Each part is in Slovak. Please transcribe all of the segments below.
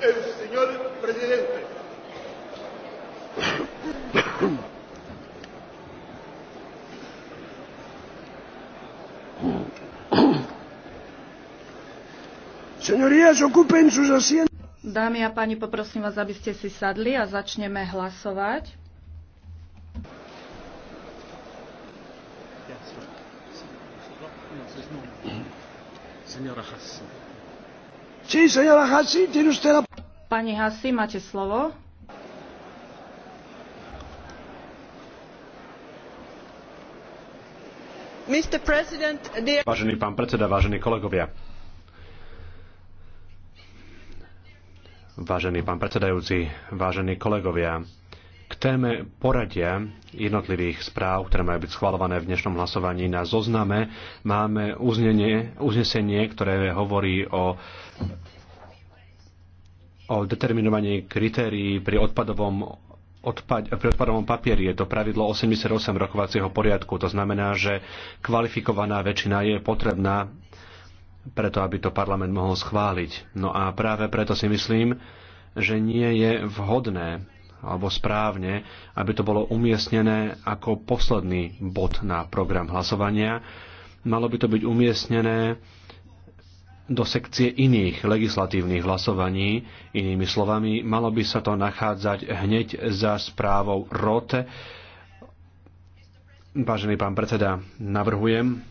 El señor presidente. Señorías, ocupen sus asientos. Dámy a páni, poprosím vás, aby ste si sadli a začneme hlasovať. Señora Hassi. Sí, señora Hassi, tiene usted la Pani Hasi, máte slovo. Vážený pán predseda, vážení kolegovia. Vážený pán predsedajúci, vážení kolegovia, k téme poradia jednotlivých správ, ktoré majú byť schvalované v dnešnom hlasovaní na zozname, máme uznenie, uznesenie, ktoré hovorí o o determinovaní kritérií pri odpadovom odpad, pri odpadovom papieri je to pravidlo 88 rokovacieho poriadku. To znamená, že kvalifikovaná väčšina je potrebná preto, aby to parlament mohol schváliť. No a práve preto si myslím, že nie je vhodné alebo správne, aby to bolo umiestnené ako posledný bod na program hlasovania. Malo by to byť umiestnené do sekcie iných legislatívnych hlasovaní. Inými slovami, malo by sa to nachádzať hneď za správou ROTE. Vážený pán predseda, navrhujem,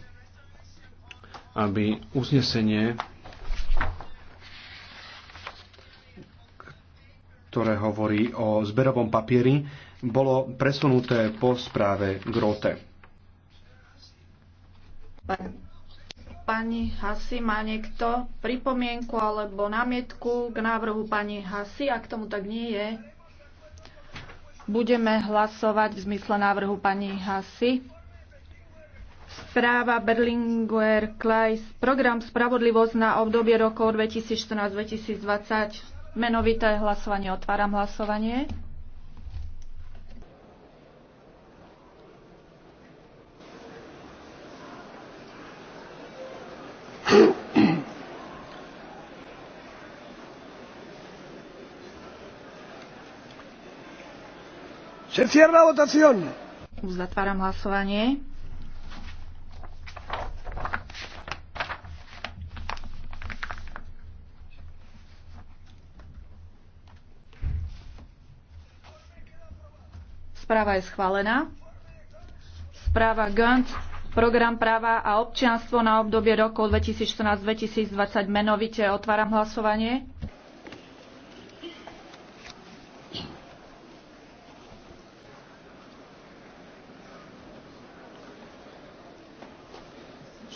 aby uznesenie, ktoré hovorí o zberovom papieri, bolo presunuté po správe Grote. Pán pani Hasi. Má niekto pripomienku alebo námietku k návrhu pani Hasi? Ak tomu tak nie je, budeme hlasovať v zmysle návrhu pani Hasi. Správa Berlinguer Kleis, program Spravodlivosť na obdobie rokov 2014-2020. Menovité hlasovanie. Otváram hlasovanie. Uzatváram hlasovanie. Správa je schválená. Správa Gönc, program práva a občianstvo na obdobie rokov 2014-2020 menovite. Otváram hlasovanie.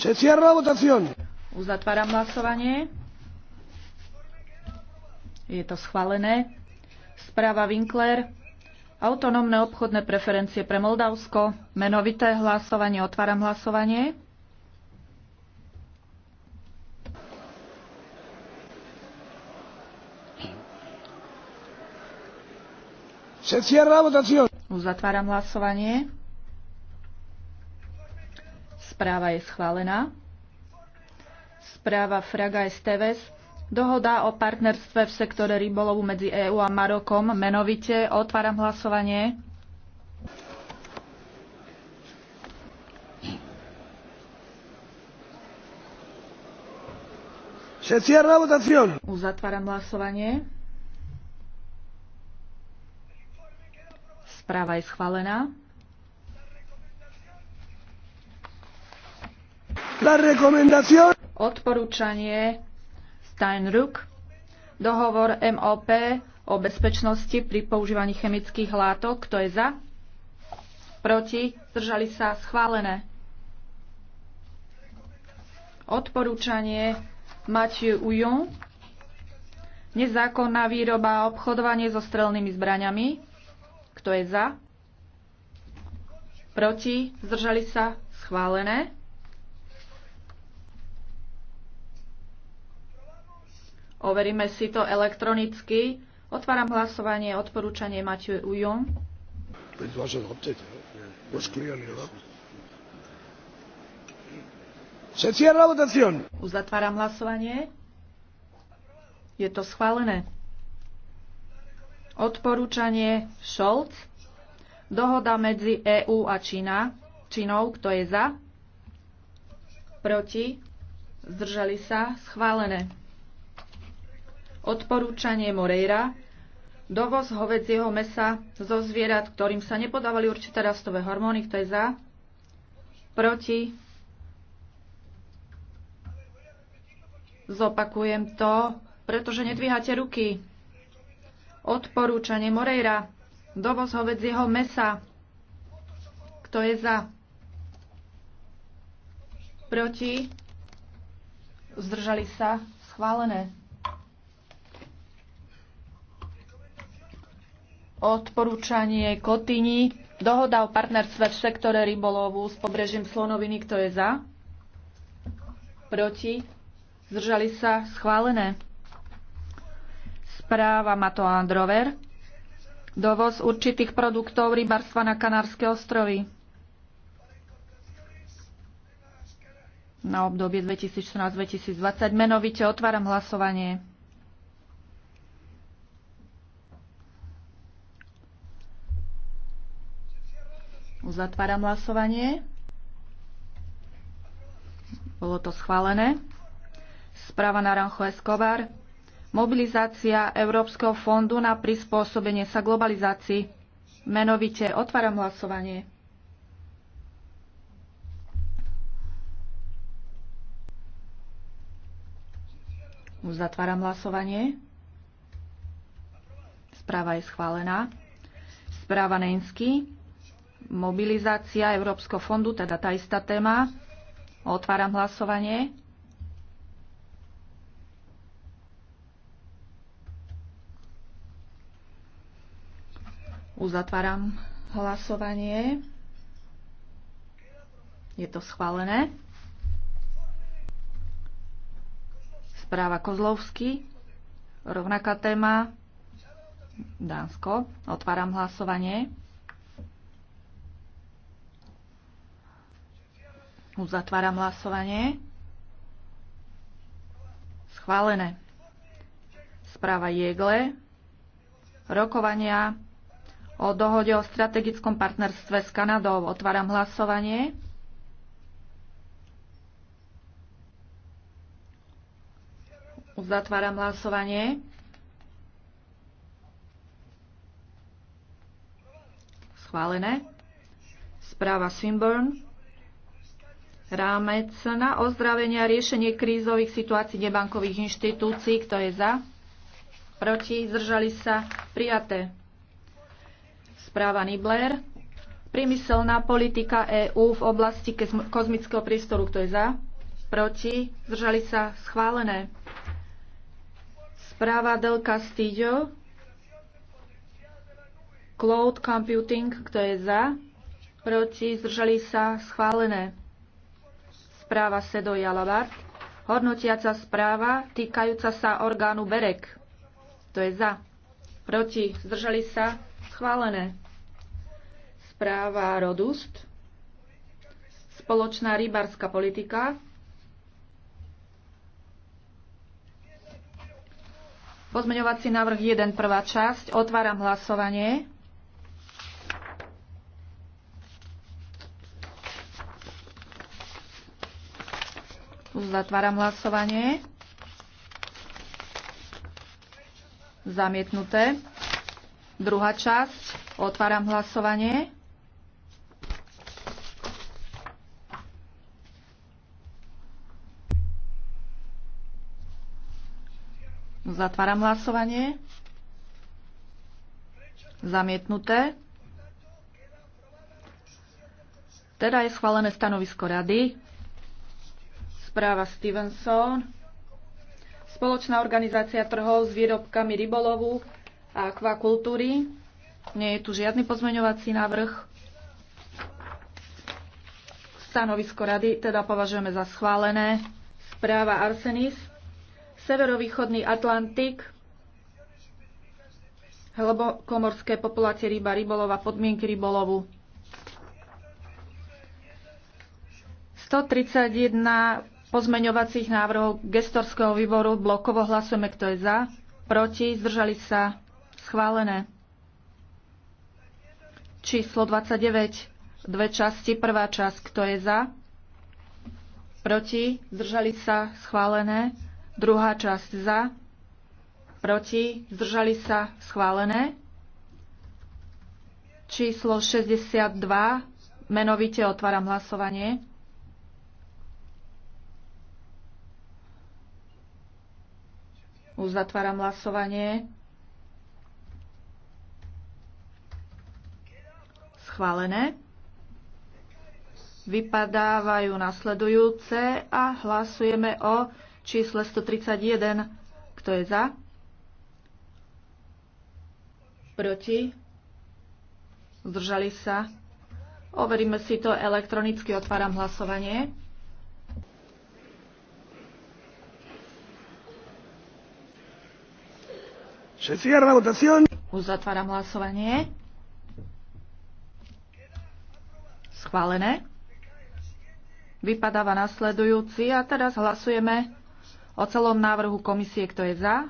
Se cierra la votación. Uzatváram hlasovanie. Je to schválené. Správa Winkler. Autonómne obchodné preferencie pre Moldavsko. Menovité hlasovanie. Otváram hlasovanie. Uzatváram hlasovanie. Správa je schválená. Správa Fraga Esteves. Dohoda o partnerstve v sektore rybolovu medzi EÚ a Marokom. Menovite otváram hlasovanie. Uzatváram hlasovanie. Správa je schválená. Odporúčanie Steinruck, dohovor MOP o bezpečnosti pri používaní chemických látok. Kto je za? Proti? Zdržali sa? Schválené. Odporúčanie Mathieu Ujon. Nezákonná výroba a obchodovanie so strelnými zbraňami. Kto je za? Proti? Zdržali sa? Schválené. Overíme si to elektronicky. Otváram hlasovanie. Odporúčanie Matiu Ujom. No. Uzatváram hlasovanie. Je to schválené. Odporúčanie Scholz. Dohoda medzi EÚ a Čína. Čínou, kto je za? Proti? Zdržali sa? Schválené. Odporúčanie Moreira Dovoz hovedzieho mesa zo zvierat, ktorým sa nepodávali určité rastové hormóny, kto je za? Proti? Zopakujem to, pretože nedvíhate ruky. Odporúčanie Moreira. Dovoz hovedzieho mesa. Kto je za? Proti? Zdržali sa? Schválené. odporúčanie Kotyni. Dohoda o partnerstve v sektore rybolovu s pobrežím Slonoviny. Kto je za? Proti? Zdržali sa? Schválené. Správa Mato Androver. Dovoz určitých produktov rybarstva na Kanárske ostrovy. Na obdobie 2014-2020 menovite otváram hlasovanie. Uzatváram hlasovanie. Bolo to schválené. Správa na Rancho Escobar. Mobilizácia Európskeho fondu na prispôsobenie sa globalizácii. Menovite otváram hlasovanie. Uzatváram hlasovanie. Správa je schválená. Správa Nensky mobilizácia Európskeho fondu, teda tá istá téma. Otváram hlasovanie. Uzatváram hlasovanie. Je to schválené. Správa Kozlovský. Rovnaká téma. Dánsko. Otváram hlasovanie. Uzatváram hlasovanie. Schválené. Správa Jegle. Rokovania o dohode o strategickom partnerstve s Kanadou. Otváram hlasovanie. Uzatváram hlasovanie. Schválené. Správa Swinburne rámec na ozdravenie a riešenie krízových situácií nebankových inštitúcií. Kto je za? Proti? Zdržali sa? Prijaté. Správa Nibler. Priemyselná politika EÚ v oblasti kozmického priestoru. Kto je za? Proti? Zdržali sa? Schválené. Správa Del Castillo. Cloud Computing. Kto je za? Proti? Zdržali sa? Schválené správa Sedo Jalavart, hodnotiaca správa týkajúca sa orgánu BEREK. To je za. Proti. Zdržali sa. Schválené. Správa Rodust. Spoločná rybárska politika. Pozmeňovací návrh 1, prvá časť. Otváram hlasovanie. Zatváram hlasovanie. Zamietnuté. Druhá časť. Otváram hlasovanie. Zatváram hlasovanie. Zamietnuté. Teda je schválené stanovisko rady správa Stevenson. Spoločná organizácia trhov s výrobkami rybolovu a akvakultúry. Nie je tu žiadny pozmeňovací návrh. Stanovisko rady teda považujeme za schválené. Správa Arsenis. Severovýchodný Atlantik. Hlbokomorské populácie ryba rybolova, podmienky rybolovu. 131 pozmeňovacích návrhov gestorského výboru blokovo hlasujeme, kto je za, proti, zdržali sa, schválené. Číslo 29, dve časti, prvá časť, kto je za, proti, zdržali sa, schválené, druhá časť za, proti, zdržali sa, schválené. Číslo 62, menovite otváram hlasovanie. Uzatváram hlasovanie. Schválené. Vypadávajú nasledujúce a hlasujeme o čísle 131. Kto je za? Proti? Zdržali sa? Overíme si to elektronicky. Otváram hlasovanie. Uzatváram hlasovanie. Schválené. Vypadáva nasledujúci a teraz hlasujeme o celom návrhu komisie, kto je za,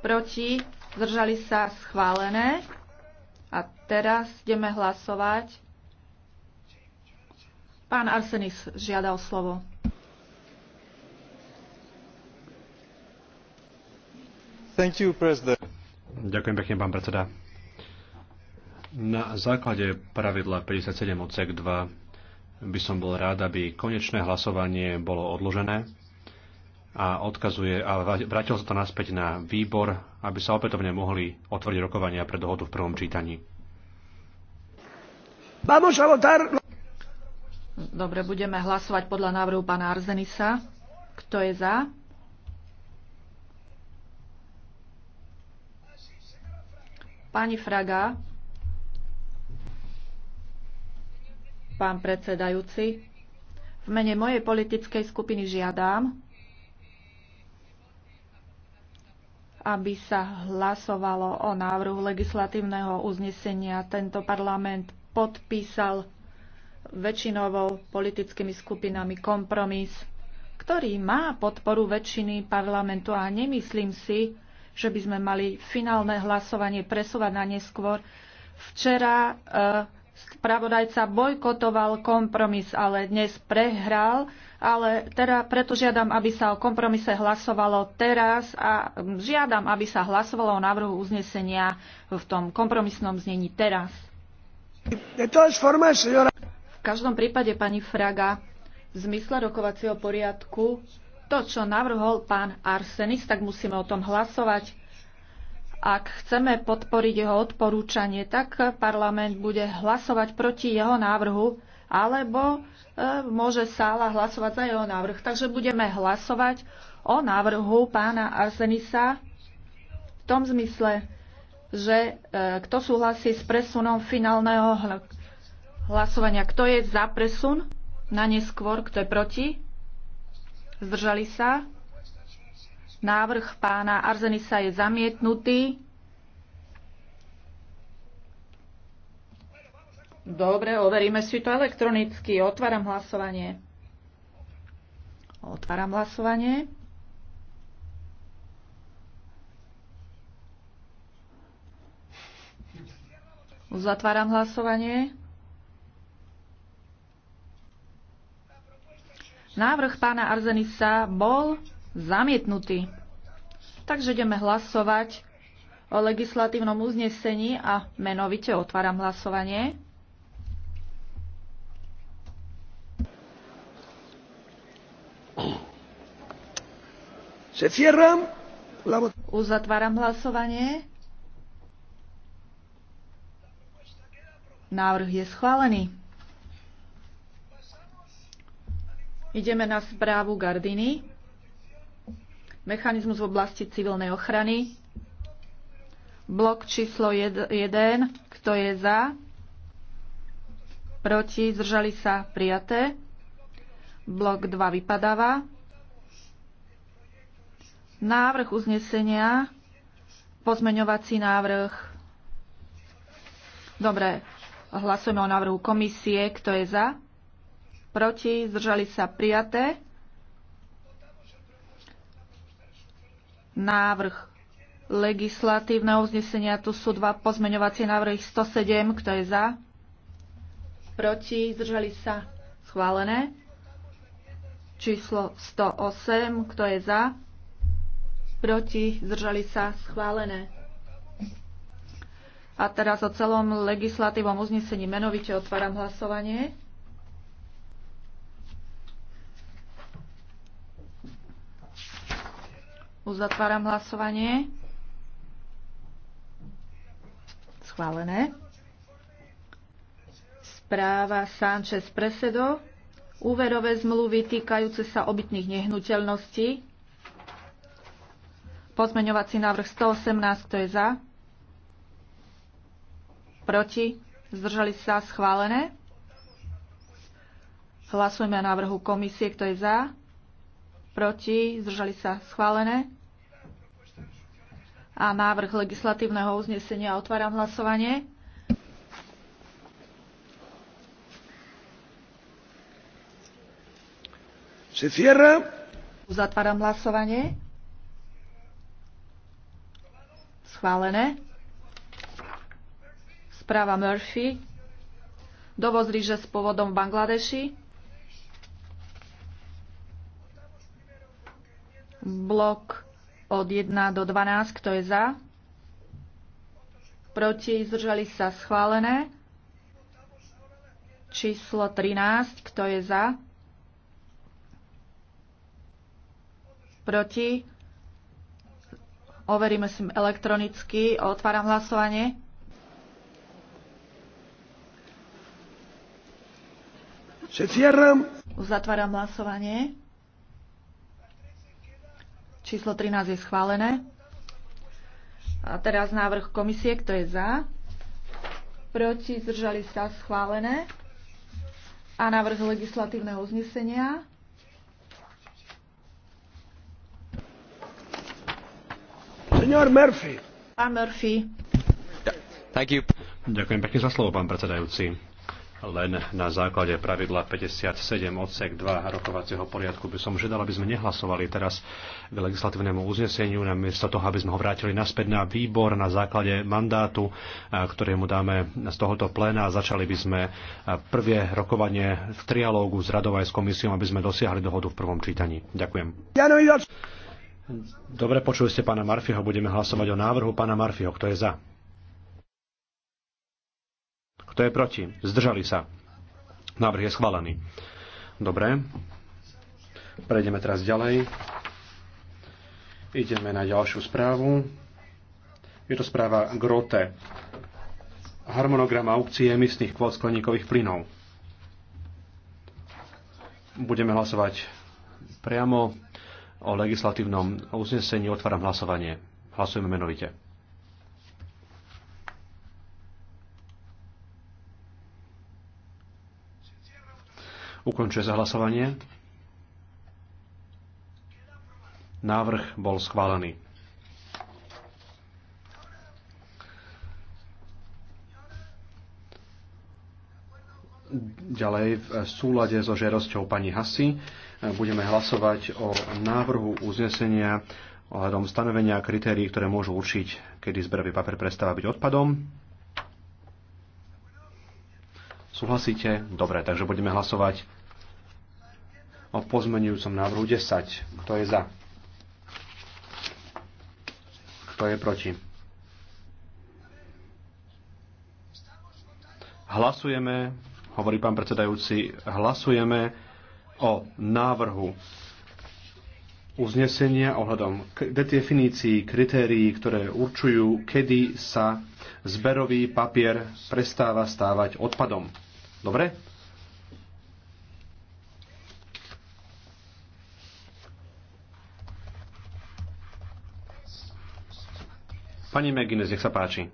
proti, zdržali sa schválené. A teraz ideme hlasovať. Pán Arsenis žiada o slovo. Ďakujem pekne, pán predseda. Na základe pravidla 57 odsek 2 by som bol rád, aby konečné hlasovanie bolo odložené a odkazuje a vrátil sa to naspäť na výbor, aby sa opätovne mohli otvoriť rokovania pre dohodu v prvom čítaní. Dobre, budeme hlasovať podľa návrhu pána Arzenisa. Kto je za? Pani Fraga, pán predsedajúci, v mene mojej politickej skupiny žiadam, aby sa hlasovalo o návrhu legislatívneho uznesenia. Tento parlament podpísal väčšinovou politickými skupinami kompromis, ktorý má podporu väčšiny parlamentu a nemyslím si, že by sme mali finálne hlasovanie presúvať na neskôr. Včera e, spravodajca bojkotoval kompromis, ale dnes prehral, ale teda preto žiadam, aby sa o kompromise hlasovalo teraz a žiadam, aby sa hlasovalo o návrhu uznesenia v tom kompromisnom znení teraz. V každom prípade, pani Fraga, v zmysle rokovacieho poriadku to, čo navrhol pán Arsenis, tak musíme o tom hlasovať. Ak chceme podporiť jeho odporúčanie, tak parlament bude hlasovať proti jeho návrhu, alebo e, môže sála hlasovať za jeho návrh. Takže budeme hlasovať o návrhu pána Arsenisa v tom zmysle, že e, kto súhlasí s presunom finálneho hlasovania, kto je za presun na neskôr, kto je proti, Zdržali sa? Návrh pána Arzenisa je zamietnutý. Dobre, overíme si to elektronicky. Otváram hlasovanie. Otváram hlasovanie. Uzatváram hlasovanie. Návrh pána Arzenisa bol zamietnutý. Takže ideme hlasovať o legislatívnom uznesení a menovite otváram hlasovanie. Se cierram. Uzatváram hlasovanie. Návrh je schválený. Ideme na správu Gardiny. Mechanizmus v oblasti civilnej ochrany. Blok číslo 1. Kto je za? Proti? Zdržali sa? Prijaté. Blok 2 vypadáva. Návrh uznesenia. Pozmeňovací návrh. Dobre. Hlasujeme o návrhu komisie. Kto je za? proti, zdržali sa prijaté. Návrh legislatívneho uznesenia, tu sú dva pozmeňovacie návrhy 107, kto je za, proti, zdržali sa schválené. Číslo 108, kto je za, proti, zdržali sa schválené. A teraz o celom legislatívom uznesení menovite otváram hlasovanie. Uzatváram hlasovanie. Schválené. Správa Sánchez Presedo. Úverové zmluvy týkajúce sa obytných nehnuteľností. Pozmeňovací návrh 118, kto je za? Proti? Zdržali sa schválené? Hlasujeme o návrhu komisie, kto je za? proti, zdržali sa schválené. A návrh legislatívneho uznesenia otváram hlasovanie. Se cierra. Uzatváram hlasovanie. Schválené. Správa Murphy. Dovoz ríže s pôvodom v Bangladeši. Blok od 1 do 12, kto je za? Proti, zdržali sa schválené. Číslo 13, kto je za? Proti. Overíme si elektronicky. Otváram hlasovanie. Uzatváram hlasovanie. Číslo 13 je schválené. A teraz návrh komisie, kto je za. Proti zdržali sa schválené. A návrh legislatívneho uznesenia. Senior Murphy. Pán Murphy. Ďakujem pekne za slovo, pán predsedajúci len na základe pravidla 57 odsek 2 rokovacieho poriadku by som žiadal, aby sme nehlasovali teraz k legislatívnemu uzneseniu, namiesto toho, aby sme ho vrátili naspäť na výbor na základe mandátu, ktorému dáme z tohoto pléna. Začali by sme prvé rokovanie v trialógu s radou aj s komisiou, aby sme dosiahli dohodu v prvom čítaní. Ďakujem. Dobre, počuli ste pána Marfiho, budeme hlasovať o návrhu pána Marfiho. Kto je za? Kto je proti? Zdržali sa. Návrh je schválený. Dobre. Prejdeme teraz ďalej. Ideme na ďalšiu správu. Je to správa Grote. Harmonogram aukcie emisných kvót skleníkových plynov. Budeme hlasovať priamo o legislatívnom uznesení. Otváram hlasovanie. Hlasujeme menovite. Ukončuje sa hlasovanie. Návrh bol schválený. Ďalej v súlade so žerosťou pani Hasi budeme hlasovať o návrhu uznesenia ohľadom stanovenia kritérií, ktoré môžu určiť, kedy zberový papier prestáva byť odpadom. Súhlasíte? Dobre, takže budeme hlasovať o pozmenujúcom návrhu 10. Kto je za? Kto je proti? Hlasujeme, hovorí pán predsedajúci, hlasujeme o návrhu uznesenia ohľadom definícií kritérií, ktoré určujú, kedy sa zberový papier prestáva stávať odpadom. Dobre? Pani Megines, nech sa páči.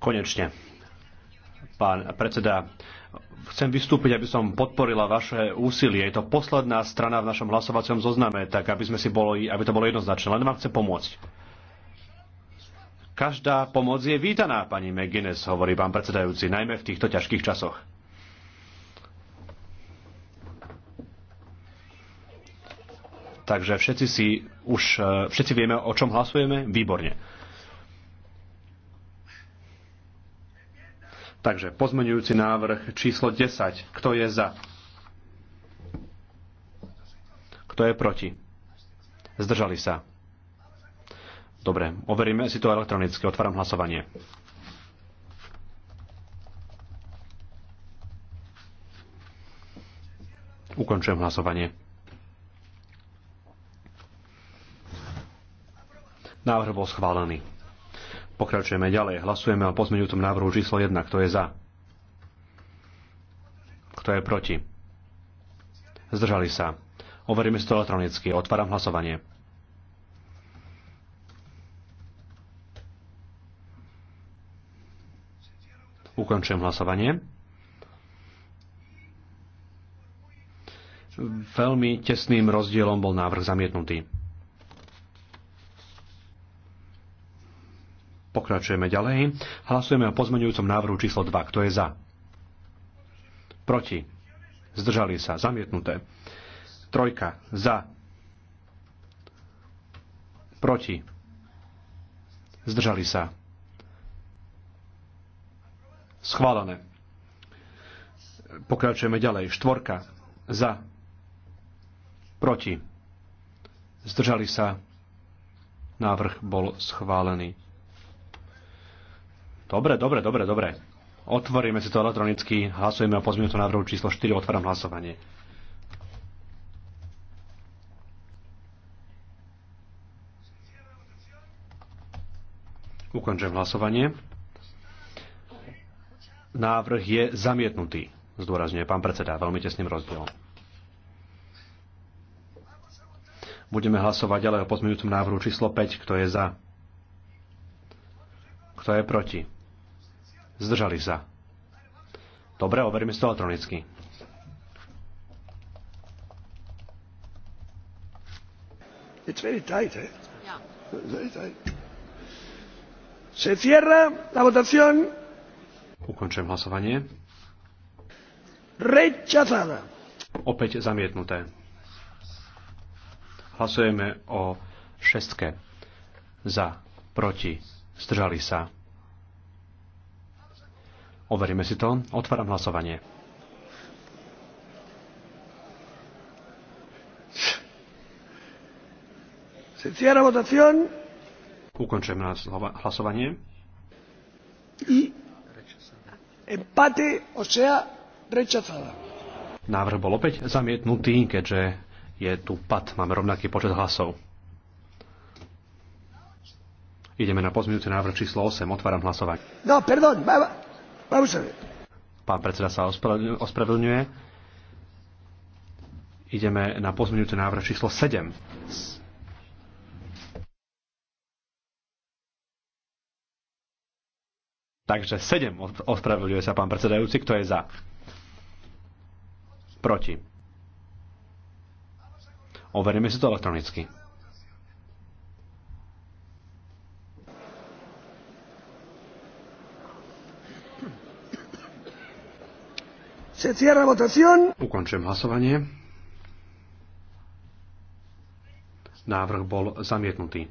Konečne. Pán predseda, chcem vystúpiť, aby som podporila vaše úsilie. Je to posledná strana v našom hlasovacom zozname, tak aby, sme si boli, aby to bolo jednoznačné. Len vám chcem pomôcť. Každá pomoc je vítaná, pani McGuinness, hovorí pán predsedajúci, najmä v týchto ťažkých časoch. Takže všetci si už eh, všetci vieme, o čom hlasujeme? Výborne. Takže pozmenujúci návrh číslo 10. Kto je za? Kto je proti? Zdržali sa. Dobre, overíme si to elektronicky. Otváram hlasovanie. Ukončujem hlasovanie. Návrh bol schválený. Pokračujeme ďalej. Hlasujeme o pozmeňujúcom návrhu číslo 1. Kto je za? Kto je proti? Zdržali sa. Overíme si to elektronicky. Otváram hlasovanie. Ukončujem hlasovanie. Veľmi tesným rozdielom bol návrh zamietnutý. Pokračujeme ďalej. Hlasujeme o pozmeňujúcom návrhu číslo 2. Kto je za? Proti. Zdržali sa. Zamietnuté. Trojka. Za. Proti. Zdržali sa. Schválené. Pokračujeme ďalej. Štvorka. Za. Proti. Zdržali sa. Návrh bol schválený. Dobre, dobre, dobre, dobre. Otvoríme si to elektronicky, hlasujeme o pozmeňujúcom návrhu číslo 4, otváram hlasovanie. Ukončujem hlasovanie. Návrh je zamietnutý, zdôrazňuje pán predseda, veľmi tesným rozdielom. Budeme hlasovať ďalej o pozmeňujúcom návrhu číslo 5, kto je za. Kto je proti? Zdržali sa. Dobre, overíme si to elektronicky. It's very tight, eh? Yeah. Very tight. Se cierra la votación. Ukončujem hlasovanie. Rechazada. Opäť zamietnuté. Hlasujeme o šestke. Za, proti, zdržali sa. Overíme si to. Otváram hlasovanie. Se cierra votación. Ukončujem hlasovanie. I empate, o sea, rechazada. Návrh bol opäť zamietnutý, keďže je tu pad. Máme rovnaký počet hlasov. Ideme na pozmiňujúci návrh číslo 8. Otváram hlasovanie. No, perdón. Pán predseda sa ospravedlňuje. Ideme na pozmeňujúci návrh číslo 7. Takže 7 ospravedlňuje sa pán predsedajúci. Kto je za? Proti. Overíme si to elektronicky. Ukončujem hlasovanie. Návrh bol zamietnutý.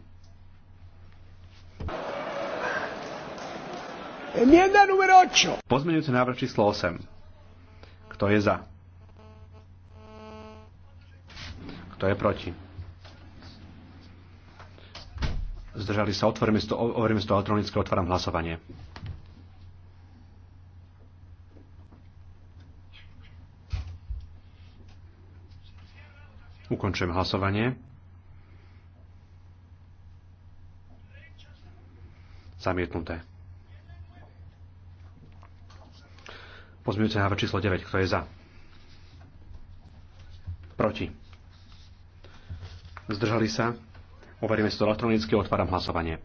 Enmienda numero 8. Pozmeňujúci návrh číslo 8. Kto je za? Kto je proti? Zdržali sa, otvoríme si to, elektronické otváram hlasovanie. Ukončujem hlasovanie. Zamietnuté. Pozmiňujúce návrh číslo 9. Kto je za? Proti. Zdržali sa? Overíme si to elektronicky. Otváram hlasovanie.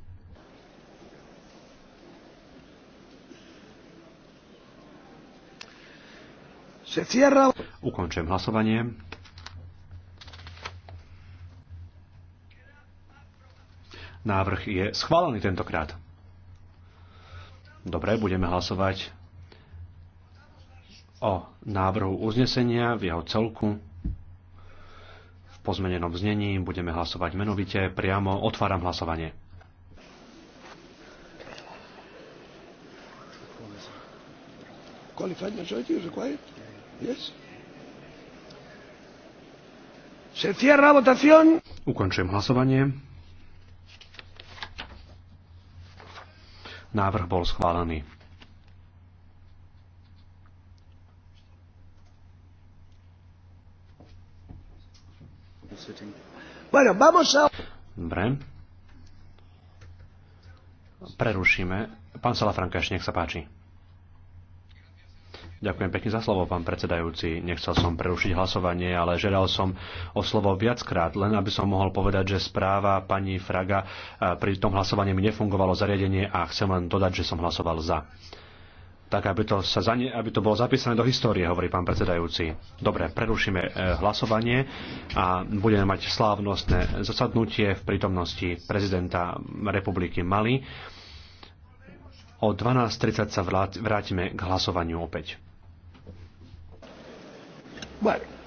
Ukončujem hlasovanie. Návrh je schválený tentokrát. Dobre, budeme hlasovať o návrhu uznesenia v jeho celku. V pozmenenom znení budeme hlasovať menovite. Priamo otváram hlasovanie. Qualified majority is required? Yes. Se cierra votación. Ukončujem hlasovanie. Návrh bol schválený. Dobre. Prerušíme. Pán Salafranka, ešte nech sa páči. Ďakujem pekne za slovo, pán predsedajúci. Nechcel som prerušiť hlasovanie, ale žiadal som o slovo viackrát, len aby som mohol povedať, že správa pani Fraga pri tom hlasovaní mi nefungovalo zariadenie a chcem len dodať, že som hlasoval za. Tak, aby to, sa za ne, aby to bolo zapísané do histórie, hovorí pán predsedajúci. Dobre, prerušíme e, hlasovanie a budeme mať slávnostné zasadnutie v prítomnosti prezidenta republiky Mali. O 12.30 sa vrátime k hlasovaniu opäť. Bueno.